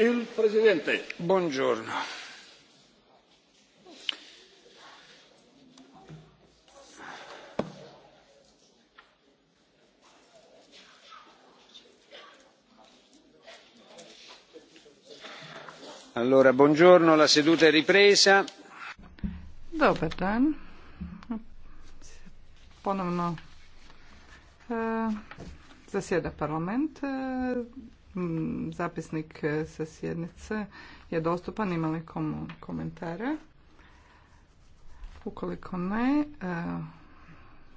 il presidente buongiorno allora buongiorno la seduta è ripresa dobar dan ponovno e, zasjeda parlament eh, Mm, zapisnik e, sa sjednice je dostupan, imali komentare. Ukoliko ne, e,